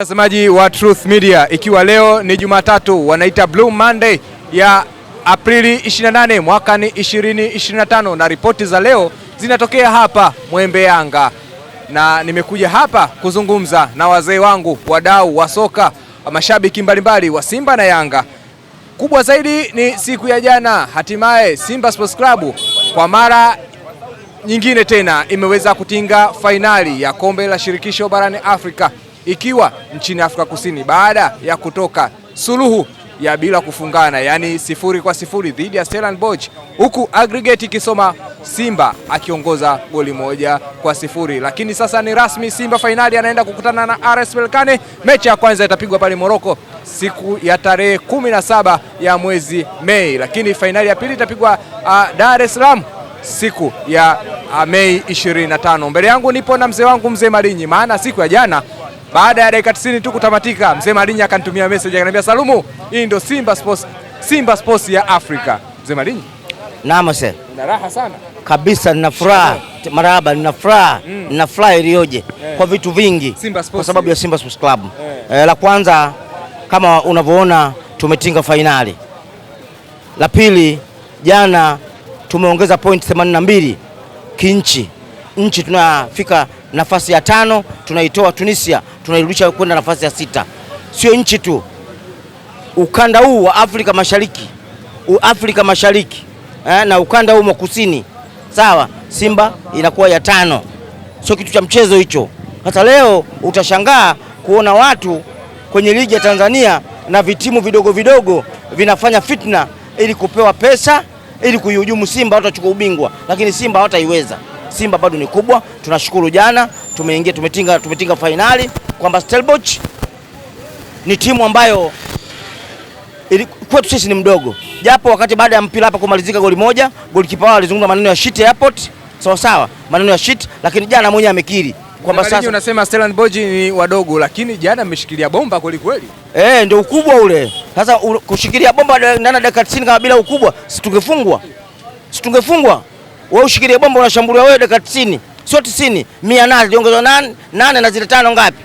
Watazamaji wa Truth Media, ikiwa leo ni Jumatatu, wanaita Blue Monday ya Aprili 28 mwaka ni 2025, na ripoti za leo zinatokea hapa mwembe yanga na nimekuja hapa kuzungumza na wazee wangu, wadau wa soka, mashabiki mbalimbali wa Simba na Yanga. Kubwa zaidi ni siku ya jana, hatimaye Simba Sports Club kwa mara nyingine tena imeweza kutinga fainali ya kombe la shirikisho barani Afrika ikiwa nchini Afrika Kusini baada ya kutoka suluhu ya bila kufungana, yaani sifuri kwa sifuri dhidi ya Stellenbosch, huku aggregate ikisoma Simba akiongoza goli moja kwa sifuri. Lakini sasa ni rasmi, Simba fainali anaenda kukutana na RS Berkane. Mechi ya kwanza itapigwa pale Moroko siku ya tarehe kumi na saba ya mwezi Mei, lakini fainali ya pili itapigwa uh, Dar es Salaam siku ya uh, Mei 25. Mbele yangu nipo na mzee wangu mzee Malinyi, maana siku ya jana baada ya dakika 90 tu kutamatika, mzee Malinyi akanitumia message akaniambia, Salumu, hii ndio Simba Sports, Simba Sports ya Afrika. Mzee Malinyi naam sana. raha sana kabisa, nina furaha marahaba, nina furaha mm. nina furaha iliyoje yeah. kwa vitu vingi kwa sababu ya Simba Sports Club yeah. E, eh, la kwanza kama unavyoona tumetinga fainali. La pili, jana tumeongeza point 82 kinchi nchi tunafika nafasi ya tano tunaitoa Tunisia tunairudisha kwenda nafasi ya sita. Sio nchi tu, ukanda huu wa Afrika Mashariki, Afrika Mashariki eh, na ukanda huu wa kusini, sawa. Simba inakuwa ya tano, sio kitu cha mchezo hicho. Hata leo utashangaa kuona watu kwenye ligi ya Tanzania na vitimu vidogo vidogo vinafanya fitna ili kupewa pesa ili kuihujumu Simba, watachukua ubingwa, lakini Simba hawataiweza. Simba bado ni kubwa. Tunashukuru jana tumeingia, tumetinga, tumetinga fainali kwamba Stellenbosch ni timu ambayo kwetu sisi ni mdogo, japo wakati baada ya mpira hapa kumalizika goli moja, golikipa wao alizungumza maneno ya shit airport, sawa sawa, maneno ya shit, lakini jana mwenyewe amekiri kwamba sasa unasema Stellenbosch ni wadogo, lakini jana ameshikilia bomba kweli kweli. Eh, ndio ukubwa ule. Sasa kushikilia bomba ndani ya dakika 90 kama bila ukubwa, si tungefungwa, si tungefungwa. Wewe ushikilie bomba unashambulia wewe dakika 90, sio 90, 100 ziongezwa nani? nane na zile tano ngapi?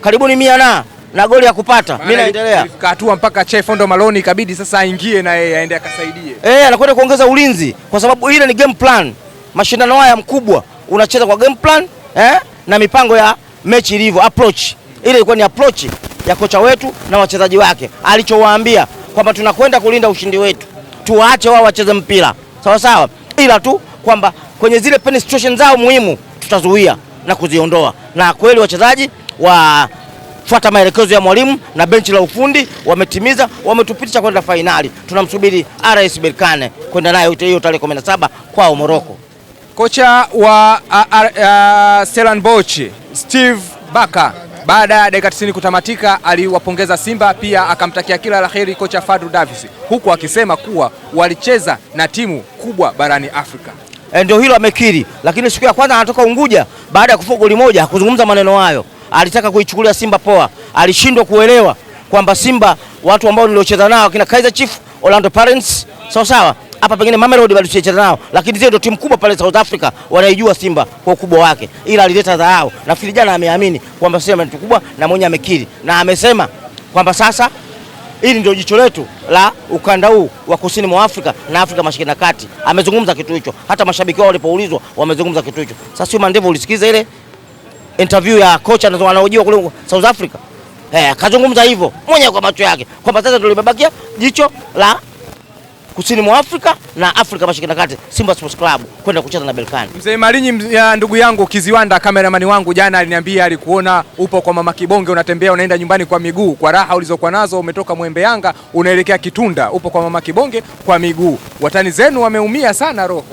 karibuni mia na na goli ya kupata mimi naendelea hatua mpaka Chefondo Maloni ikabidi sasa aingie na yeye aende akasaidie. Eh, anakwenda kuongeza ulinzi kwa sababu ile ni game plan. Mashindano haya mkubwa unacheza kwa game plan eh, na mipango ya mechi ilivyo approach. Ile ilikuwa ni approach ya kocha wetu na wachezaji wake alichowaambia kwamba tunakwenda kulinda ushindi wetu, tuwaache wao wacheze mpira sawa sawa, ila tu kwamba kwenye zile penetration zao muhimu tutazuia na kuziondoa, na kweli wachezaji wafuata maelekezo ya mwalimu na benchi la ufundi, wametimiza, wametupitisha kwenda fainali. Tunamsubiri RS Berkane kwenda nayo hiyo tarehe 17 kwao Moroko. Kocha wa Stellenbosch Steve Baka baada ya dakika 90 kutamatika aliwapongeza Simba, pia akamtakia kila la heri kocha Fadru Davis, huku akisema kuwa walicheza na timu kubwa barani Afrika. Eh, ndio hilo amekiri, lakini siku ya kwanza anatoka Unguja baada ya kufunga goli moja hakuzungumza maneno hayo alitaka kuichukulia Simba poa, alishindwa kuelewa kwamba Simba watu ambao niliocheza nao kina Kaizer Chiefs, Orlando Pirates, sawa sawa hapa pengine Mamelodi bado tucheza nao, lakini zile ndio timu kubwa pale South Africa, wanaijua Simba kwa ukubwa wake, ila alileta dharau. Nafikiri jana ameamini kwamba Simba ni kubwa na mwenye amekiri na amesema kwamba sasa hili ndio jicho letu la ukanda huu wa kusini mwa Afrika na Afrika Mashariki na Kati. Amezungumza kitu hicho, hata mashabiki wao walipoulizwa wamezungumza kitu hicho. Sasa sio mandevu, ulisikiza ile interview ya kocha anaojiwa kule South Africa eh, akazungumza hivyo mwenyewe kwa macho yake kwamba sasa tulibabakia jicho la kusini mwa Afrika na Afrika Mashariki na Kati, Simba Sports Club kwenda kucheza na Berkane. Mzee Malinyi ya ndugu yangu Kiziwanda, kameramani wangu, jana aliniambia alikuona upo kwa mama Kibonge, unatembea unaenda nyumbani kwa miguu, kwa raha ulizokuwa nazo. Umetoka Mwembe Yanga unaelekea Kitunda, upo kwa mama Kibonge kwa miguu. Watani zenu wameumia sana roho.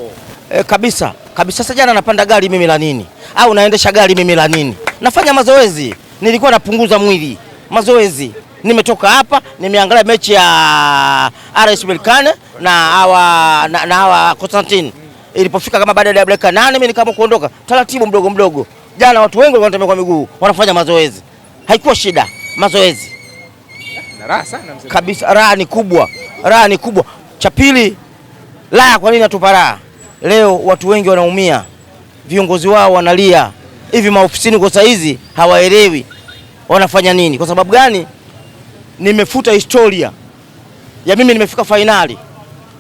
E, kabisa kabisa. Sasa jana napanda gari mimi la nini? Au naendesha gari mimi la nini? Nafanya mazoezi, nilikuwa napunguza mwili, mazoezi. Nimetoka hapa nimeangalia mechi ya RS Berkane na hawa na, na hawa Constantine. Ilipofika kama baada ya dakika nane mimi nikaamua kuondoka taratibu mdogo mdogo. Jana watu wengi walikuwa wanatembea kwa miguu, wanafanya mazoezi, haikuwa shida mazoezi. Na raha sana kabisa, raha ni kubwa, raha ni kubwa. Cha pili, raha kwa nini atupa raha Leo watu wengi wanaumia, viongozi wao wanalia hivi maofisini kwa saizi, hawaelewi wanafanya nini. Kwa sababu gani? Nimefuta historia ya mimi nimefika fainali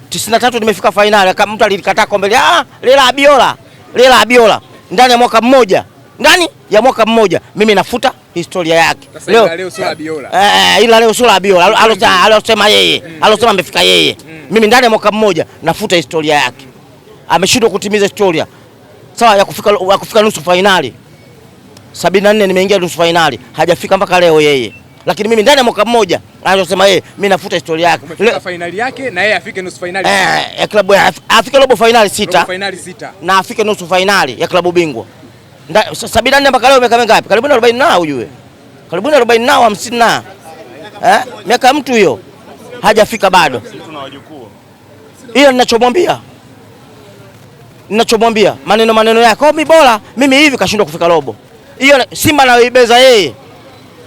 tisini na tatu, nimefika fainali mtu alikataa kombe ah, Lela Abiola, Lela Abiola ndani ya mwaka mmoja ndani ya mwaka mmoja mimi nafuta historia yake. Leo ila leo sio Abiola alosema yeye alosema amefika yeye, mimi ndani ya mwaka mmoja nafuta historia yake ameshindwa kutimiza historia sawa ya kufika, ya kufika nusu fainali. Sabini na nne nimeingia nusu fainali hajafika mpaka leo yeye, lakini mimi ndani ya mwaka mmoja anachosema yeye, mimi nafuta historia yake, fainali yake na yeye afike nusu fainali eh, ya klabu ya afike robo fainali sita, robo fainali sita na afike nusu fainali ya klabu bingwa. Sabini na nne mpaka leo miaka mingapi? Karibu na 40 nao ujue, karibu na 40 nao 50 na eh, miaka mtu hiyo hajafika bado, ila ninachomwambia ninachomwambia maneno maneno yake. Mimi bora mimi hivi kashindwa kufika robo. Hiyo Simba anayoibeza yeye,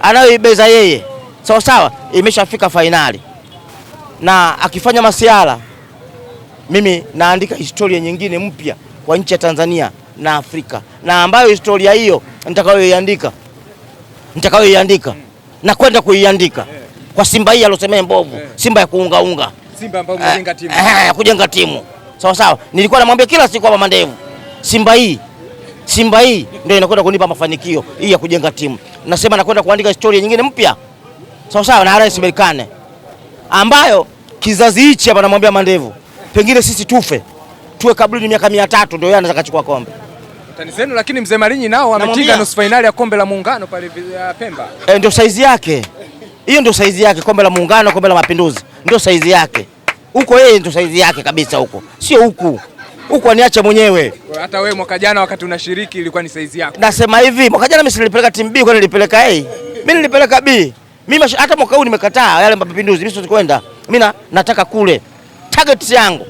anayoibeza yeye sawa sawa, imeshafika fainali, na akifanya masiara, mimi naandika historia nyingine mpya kwa nchi ya Tanzania na Afrika, na ambayo historia hiyo nitakayoiandika, nitakayoiandika na kwenda kuiandika kwa Simba hii alosemea mbovu, Simba ya kuungaunga, Simba ambayo eh, eh, kujenga timu sawa sawa. Nilikuwa namwambia kila siku hapa Mandevu, Simba hii Simba hii ndio inakwenda kunipa mafanikio hii ya kujenga timu. Nasema nakwenda kuandika historia nyingine mpya sawa sawa, na Rais Berkane ambayo kizazi hichi hapa namwambia Mandevu, pengine sisi tufe tuwe kabla ni miaka 300 ndio yeye anataka kuchukua kombe Tanisenu, lakini mzee Marinyi nao ametinga nusu finali ya kombe la muungano pale Pemba. E, ndio saizi yake hiyo, ndio saizi yake kombe la muungano, kombe la mapinduzi ndio saizi yake huko yeye ndo saizi yake kabisa huko, sio huku huku aniacha mwenyewe. Hata wewe mwaka jana wakati unashiriki ilikuwa ni saizi yako. Nasema hivi mwaka jana mimi nilipeleka timu B, kwa nilipeleka A. Mimi nilipeleka B. Mimi hata mwaka huu nimekataa yale mapinduzi, mimi siwezi kwenda. Mimi nataka kule target yangu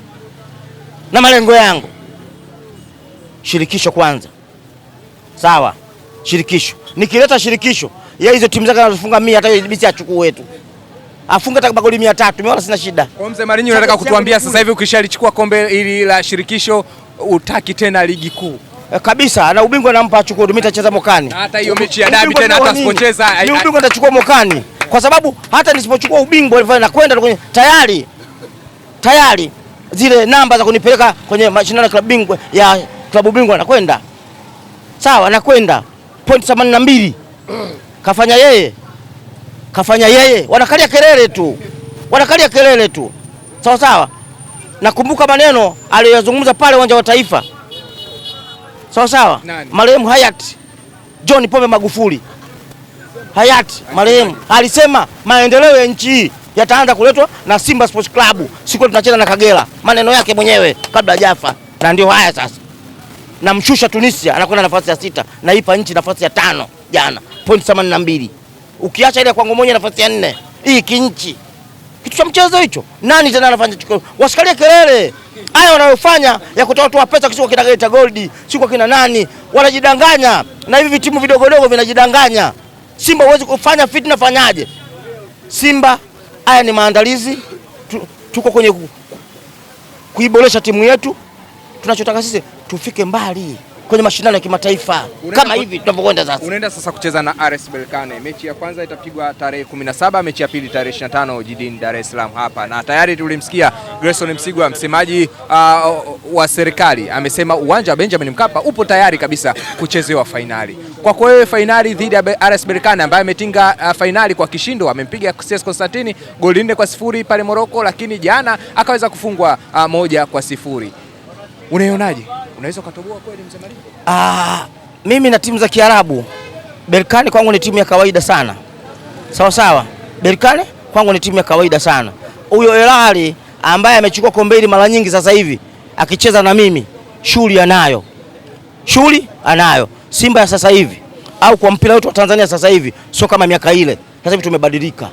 na malengo yangu, shirikisho kwanza, sawa? Shirikisho nikileta shirikisho ya hizo timu zake nazofunga mimi, hata bisi achukue wetu afunge hata magoli 300. Umeona, sina shida. Kwa mzee Marinho unataka kutuambia sasa hivi ukishalichukua kombe hili la shirikisho utaki tena ligi kuu eh, kabisa na ubingwa nampa achukue. Mimi nitacheza mokani, hata hiyo mechi ya dabi tena, hata sipocheza ni ubingwa nitachukua mokani, kwa sababu hata nisipochukua ubingwa hivyo nakwenda kwenye tayari tayari zile namba za kunipeleka kwenye mashindano ya klabu bingwa ya klabu bingwa na nakwenda sawa, na nakwenda point 82 kafanya yeye kafanya yeye, wanakalia kelele tu, wanakalia kelele tu, sawa sawa. Nakumbuka maneno aliyozungumza pale uwanja wa Taifa, sawa sawa, marehemu hayati John Pombe Magufuli, hayati marehemu alisema maendeleo ya nchi hii yataanza kuletwa na Simba Sports Club, siku tunacheza na Kagera. Maneno yake mwenyewe kabla hajafa, na ndio haya sasa. Namshusha Tunisia, anakwenda nafasi ya sita, naipa nchi nafasi ya tano jana, point 82 ukiacha ile kwangu moja nafasi ya nne hii kinchi, kitu cha mchezo hicho. Nani tena anafanya chuko? Wasikalie kelele haya wanayofanya ya kutoa toa pesa kisiko kina Geita Gold, si kwa kina nani, wanajidanganya na hivi vitimu vidogodogo vinajidanganya. Simba huwezi kufanya fitna, fanyaje Simba? Haya ni maandalizi tu, tuko kwenye kuiboresha timu yetu. Tunachotaka sisi tufike mbali kwenye mashindano ya kimataifa kama hivi tunapokwenda sasa. Unaenda sasa kucheza na RS Berkane, mechi ya kwanza itapigwa tarehe 17, mechi ya pili tarehe 25 jijini Dar es Salaam hapa, na tayari tulimsikia Gerson Msigwa, msemaji uh, wa serikali amesema uwanja wa Benjamin Mkapa upo tayari kabisa kuchezewa fainali. Kwako wewe, fainali dhidi ya RS Berkane ambaye ametinga uh, fainali kwa kishindo, amempiga CS Constantine goli nne kwa sifuri pale Morocco, lakini jana akaweza kufungwa uh, moja kwa sifuri. Unaionaje? Unaweza ukatoboa kweli Mzee Ah, mimi na timu za Kiarabu, Berkane kwangu ni timu ya kawaida sana. Sawa sawa. Berkane kwangu ni timu ya kawaida sana. Huyo Elali ambaye amechukua kombe hili mara nyingi sasa hivi akicheza na mimi, shughuli anayo. Shughuli anayo. Simba ya sasa hivi au kwa mpira wetu wa Tanzania sasa hivi sio kama miaka ile. Sasa hivi tumebadilika.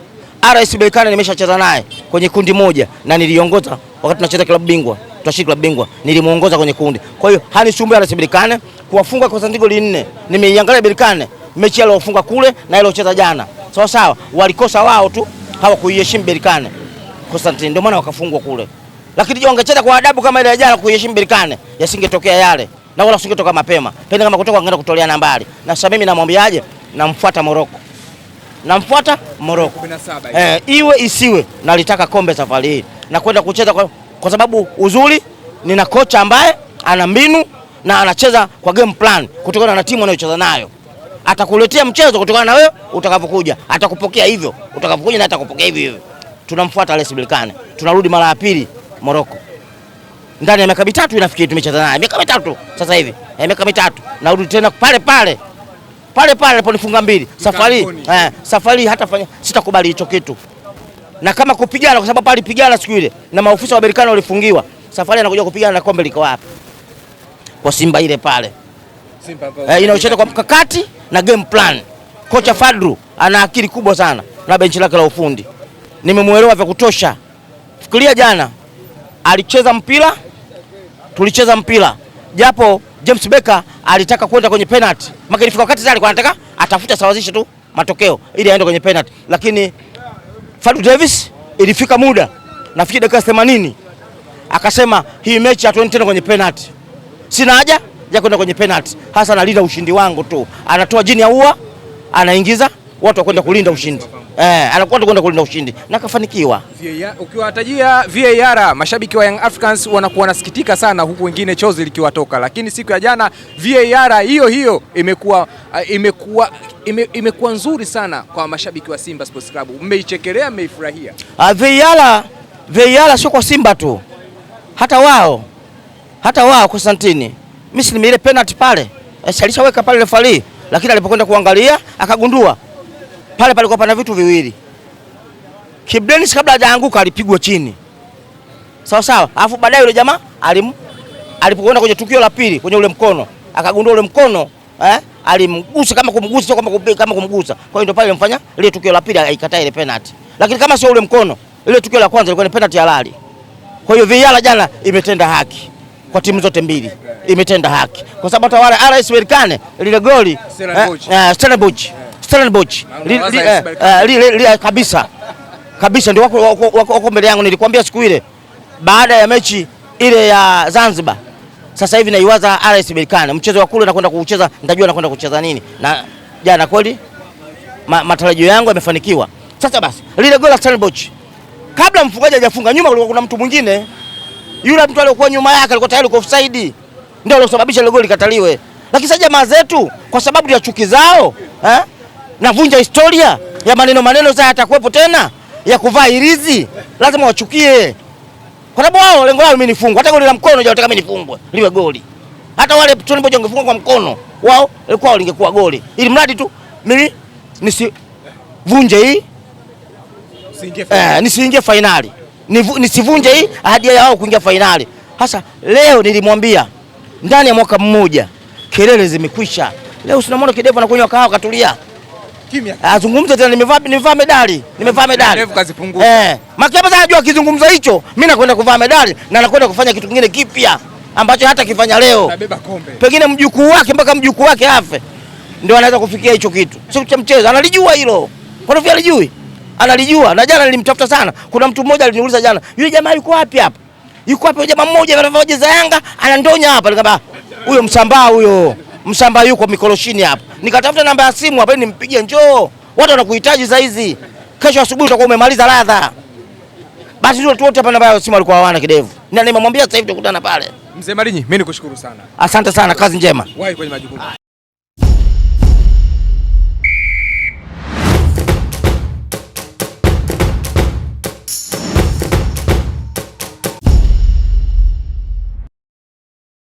RS Berkane nimeshacheza naye kwenye kundi moja na niliongoza wakati tunacheza klabu bingwa tutashika la bingwa, nilimuongoza kwenye kundi. Kwa hiyo Hanis Chumbe anasibilikane kuwafunga kwa Konstantino linne. Nimeiangalia Berkane mechi aliyofunga kule na iliocheza jana, sawa sawa, walikosa wao tu, hawakuiheshimu Berkane Konstantino, ndio maana wakafungwa kule, lakini je, wangecheza kwa adabu kama ile ya jana, kuiheshimu Berkane, yasingetokea yale na wala usingetoka mapema, Pende kama kutoka wangeenda kutolea nambari. Na sasa mimi namwambiaje? Namfuata Moroko, namfuata Moroko eh, iwe isiwe, nalitaka kombe safari hii na kwenda kucheza kwa kwa sababu uzuri nina kocha ambaye ana mbinu na anacheza kwa game plan kutokana na timu anayocheza nayo. Atakuletea mchezo kutokana na wewe utakavyokuja, atakupokea hivyo utakavyokuja na atakupokea hivyo hivyo. Tunamfuata Les Berkane, tunarudi mara ya pili Morocco ndani ya miaka mitatu inafikiri, tumecheza naye miaka mitatu sasa hivi, eh, miaka mitatu narudi tena pale pale pale pale aliponifunga mbili. Safari eh, safari hata fanya, sitakubali hicho kitu na kama kupigana, kwa sababu alipigana siku ile na maofisa wa Berkane walifungiwa. Safari anakuja kupigana na kombe liko wapi? Kwa Simba ile pale. Simba eh, inaocheza kwa mkakati na game plan. Kocha Fadru ana akili kubwa sana na benchi lake la ufundi nimemuelewa vya kutosha. Fikiria jana alicheza mpira, tulicheza mpira japo James Becker alitaka kwenda kwenye penalty, maka ilifika wakati tayari anataka atafuta sawazishe tu matokeo ili aende kwenye penalty, lakini Fadu Davis ilifika muda nafikiri dakika 80 akasema hii mechi hatuendi tena kwenye penalty. Sina haja ya kwenda kwenye penalty. Hasa analinda ushindi wangu tu, anatoa jini ya ua anaingiza watu wakwenda kulinda ushindi eh, anakuwa watu kwenda kulinda ushindi na kafanikiwa. Ukiwatajia VAR mashabiki wa Young Africans wanakuwa wanasikitika sana, huku wengine chozi likiwatoka, lakini siku ya jana VAR hiyo hiyo imekuwa eh, imekuwa ime, imekuwa nzuri sana kwa mashabiki wa Simba Sports Club. Mmeichekelea, mmeifurahia ah, VAR. VAR sio kwa Simba tu, hata wao hata wao Konstantini Misri ile penalty pale eh, alishaweka pale refali, lakini alipokwenda kuangalia akagundua pale palikuwa pana vitu viwili. Kibu Denis kabla hajaanguka alipigwa chini sawa sawa, alafu baadaye yule jamaa alim alipokwenda kwenye tukio la pili kwenye ule mkono akagundua ule mkono eh, alimgusa kama kumgusa, sio kama, kama kumgusa. Kwa hiyo ndio pale alimfanya ile tukio la pili aikataa ile penalty, lakini kama sio ule mkono, ile tukio la kwanza ilikuwa ni penalty halali. Kwa hiyo VAR jana imetenda haki kwa timu zote mbili, imetenda haki kwa sababu hata wale RS Berkane lile goli Stellenbosch eh, eh Stellenbosch lile eh, eh, kabisa kabisa, ndio wako wako, wako, wako mbele yangu. Nilikwambia siku ile baada ya mechi ile ya Zanzibar. Sasa hivi naiwaza RS Berkane, mchezo wa kule nakwenda kucheza, nitajua nakwenda kucheza nini. Na jana kweli ma, matarajio yangu yamefanikiwa. Sasa basi lile goli la Stellenbosch, kabla mfungaji hajafunga, nyuma kulikuwa kuna mtu mwingine, yule mtu aliyokuwa nyuma yake alikuwa tayari kwa offside, ndio alosababisha ile goli likataliwe. Lakini sasa jamaa zetu kwa sababu ya chuki zao eh? navunja historia ya maneno maneno, sasa yatakuwepo tena ya kuvaa irizi, lazima wachukie, kwa sababu wao lengo lao mimi nifungwe. Hata goli la mkono hawataka mimi nifungwe liwe goli, hata wale tulipoje ungefunga kwa mkono wao ilikuwa lingekuwa goli, ili mradi tu mimi nisivunje hii eh, nisiingie fainali, nisivunje hii ahadi ya wao kuingia fainali. Hasa leo nilimwambia ndani ya mwaka mmoja kelele zimekwisha. Leo usinamwona kidevu anakunywa kahawa katulia. Azungumze ah, tena, nimevaa nimevaa medali, nimevaa medali. Ndevu kazipungua. Eh. Makiapa hapa anajua kizungumza hicho, mimi nakwenda kuvaa medali na nakwenda kufanya kitu kingine kipya ambacho hata kifanya leo. Nabeba kombe. Pengine mjukuu wake mpaka mjukuu wake afe. Ndio anaweza kufikia hicho kitu. Sio cha mchezo, analijua hilo. Kwa nini alijui? Analijua. Na jana nilimtafuta sana. Kuna mtu mmoja aliniuliza jana, "Yule jamaa yuko wapi hapa?" Yuko wapi jamaa mmoja anavaa jezi ya Yanga, anandonya hapa. Nikamwambia, "Huyo msambaa huyo." Mshamba yuko mikoroshini hapo, nikatafuta namba ya simu hapa nimpigie, njoo, watu wanakuhitaji saa hizi, kesho asubuhi utakuwa umemaliza radha. Basi ndio wote hapa, namba ya simu alikuwa hawana kidevu, na nimemwambia sasa hivi tukutana pale. Mzee Malinyi, mimi nikushukuru sana, asante sana, kazi njema. Wahi kwenye majukumu.